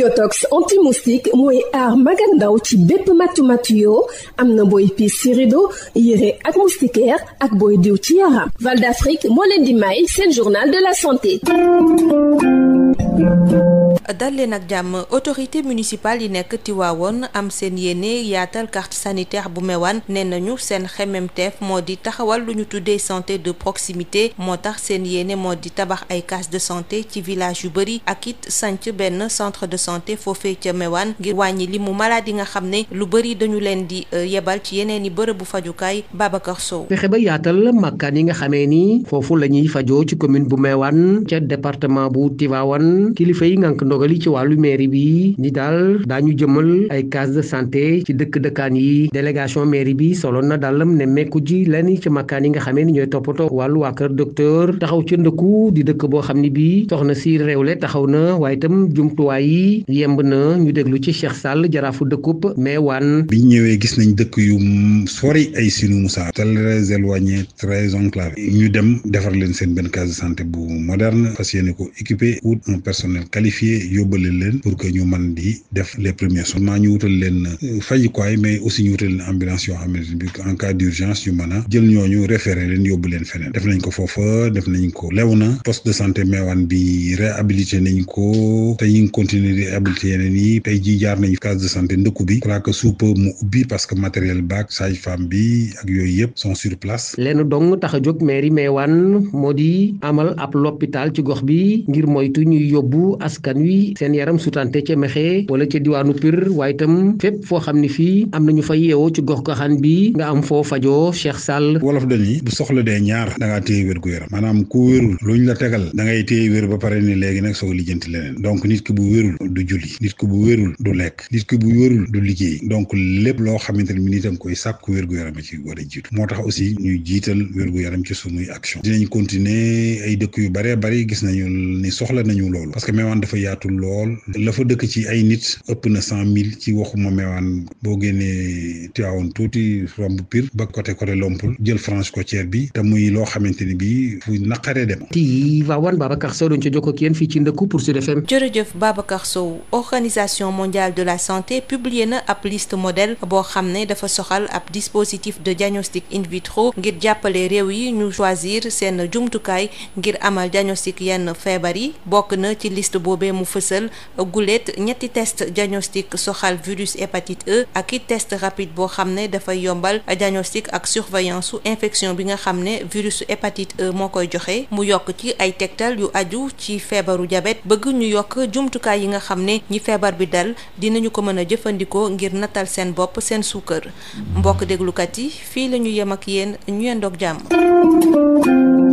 yotox anti-moustique mooy aar mag ak ci bépp matu matu yo am na booy pi ci rido yére ak moustiquaire ak booy diw ci yaram Val d'Afrique moo leen di may sen journal de la santé dal leen ak jàmm autorité municipale yi nekk Tiwaawoon am seen yéene yaatal carte sanitaire bu mewaan nee nañu seen xemmemteef moo di taxawal lu ñu tuddee santé de proximité moo tax seen yéene moo di tabax ay case de santé ci village yu bëri ak it sanc benn centre de santé foofe ca mewaan ngir wàññi li mu malade yi nga xam ne lu bëri dañu leen di euh, yebal ci yeneen i bërëbu fajukaay Babacar Sow. fexe ba yaatal màkkaan yi nga xamee ni foofu la ñuy fajoo ci commune bu mewaan ca département bu Tiwaawoon ndogal yi ci wàllu mairie bi ni daal daañu jëmal ay case de santé ci dëkk dëkkaan yi délégation mairie bi soloon na dàllam ne mekku ji lenn ci makkaan yi nga xamee ni ñooy toppatoo wàllu waa kër docteur taxaw ca ndëkku di dëkk boo xam ne bi soxna si réewle taxaw na waaye tam jumtuwaay yi yemb na ñu déglu ci Cheikh Sall jaraafu dëkkub mais waan biñ ñëwee gis nañ dëkk yu sori ay sinu Moussa très éloigné très enclavé ñu dem defar leen seen benn case de santé bu yóbbale leen pour que ñu mën di def les premiers soins ñu wutal leen euh, fajikuwaay mais aussi ñu wutal leen ambulance yoo xamante ni bi en cas a jël ñooñu de santé Mewane bi réhabilité nañ ko te ñu continuer réhabilité yeneen yi tey jii jaar nañ de santé ndëkku bi crois que suupa mu ubbi parce que matériel baak sage-femme bi ak yooyu yëpp sont sur place lenn dong tax a jóg mairie Mewane moo di amal ab l'hôpital ci gox bi ngir moytu ñuy yóbbu askan wi wi seen yaram sutante ca mexe wala ca diwaanu Pire waaye itam fépp foo xam ne fii am na ñu fa yeewoo ci gox goxaan bi nga am foo fajoo Cheikh Sall wolof dañi bu soxla dee ñaar da ngaa téye wér gu yaram maanaam ku wérul ñu la tegal da ngay téye wér ba pare ni léegi nag soo lijjanti leneen donc nit ki bu wérul du julli nit ki bu wérul du lekk nit bu wérul du liggéey donc lépp loo xamante ne mi nitam koy sàkku wér yaram ci war a jiitu moo tax aussi ñuy jiital wér gu yaram ci sunuy action dinañ continuer ay dëkk yu bare bari gis nañu ni soxla nañu loolu parce meewaan dafa yaatu yaatu lool la fa dëkk ci ay nit ëpp na cent mille ci waxuma mewaan boo génnee Tivaouane tuuti romb Pire ba côté côté Lompul jël frange côtière bi te muy loo xamante ni bii fu naqaree dem. Tivaouane Babacar Sow doon ci jokkoo ko kenn fii ci ndëkku pour Sud FM. jërëjëf Babacar Sow organisation mondiale de la santé publié na ab liste modèle boo xam ne dafa soxal ab dispositif de diagnostic in ngir jàppale réew yi ñu choisir seen jumtukaay ngir amal fësal gulet ñetti test diagnostic soxal virus hépatite E ak i test rapide boo xam ne dafay yombal diagnostic ak surveillance su infection bi nga xam ne virus hépatite E moo koy joxe mu yokk ci ay tegtal yu aju ci feebaru jabet bëgg ñu yokk jumtukaay yi nga xam ne ñi feebar bi dal dinañu ko mën a jëfandikoo ngir natal seen bopp seen suukar mbokk déglukat yi fii la ñu yem ak yéen ñu doog jàmm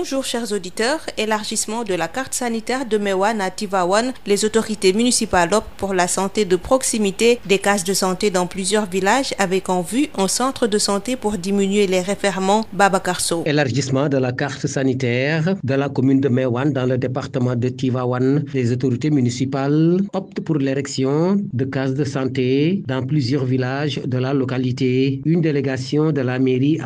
Bonjour chers auditeurs. Élargissement de la carte sanitaire de Mewan à Tivaouane, les autorités municipales optent pour la santé de proximité, des cases de santé dans plusieurs villages avec en vue un centre de santé pour diminuer les réfèrements Babacar Sow. Élargissement de la carte sanitaire de la commune de Mewan dans le département de Tivaouane, les autorités municipales optent pour l'érection de cases de santé dans plusieurs villages de la localité. Une délégation de la mairie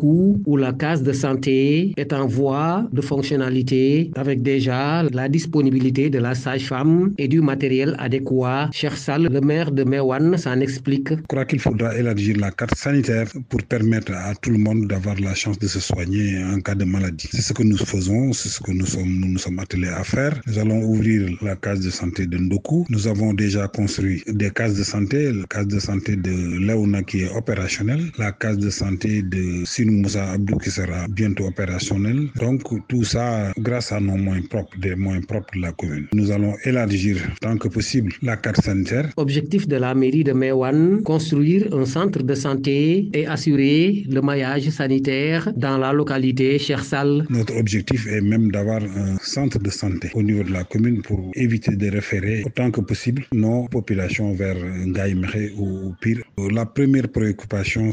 coup où la case de santé est en voie de fonctionnalité avec déjà la disponibilité de la sage-femme et du matériel adéquat. Cheikh Sall, le maire de Mewan, s'en explique. crois qu'il faudra élargir la carte sanitaire pour permettre à tout le monde d'avoir la chance de se soigner en cas de maladie. C'est ce que nous faisons, c'est ce que nous sommes, attelés à faire. Nous allons ouvrir la case de santé de Ndoku. Nous avons déjà construit des cases de santé, la case Sinou Moussa Abdou qui sera bientôt opérationnel. Donc tout ça grâce à nos moyens propres, de la commune. Nous allons élargir tant que possible la carte sanitaire. Objectif de la mairie de Mewan, construire un centre de santé et assurer le maillage sanitaire dans la localité Chersal. Notre objectif est même d'avoir un centre de santé au niveau de la commune pour éviter de référer autant que possible nos populations vers Ngaïmere ou pire. La première préoccupation,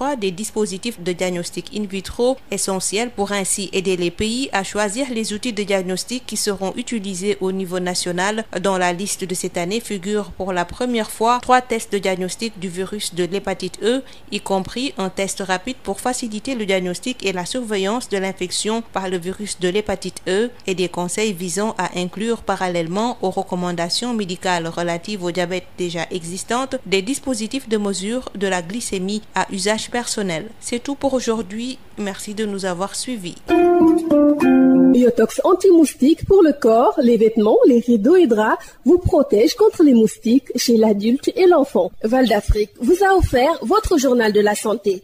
3 des dispositifs de diagnostic in vitro, essentiels pour ainsi aider les pays à choisir les outils de diagnostic qui seront utilisés au niveau national. Dans la liste de cette année figurent pour la première fois trois tests de diagnostic du virus de l'hépatite E, y compris un test rapide pour faciliter le diagnostic et la surveillance de l'infection par le virus de l'hépatite E et des conseils visant à inclure parallèlement aux recommandations médicales de mesure de personnelle. C'est tout pour aujourd'hui. Merci de nous avoir suivis. Biotox anti-moustique pour le corps, les vêtements, les rideaux et draps vous protège contre les moustiques chez l'adulte et l'enfant. Val d'Afrique vous a offert votre journal de la santé.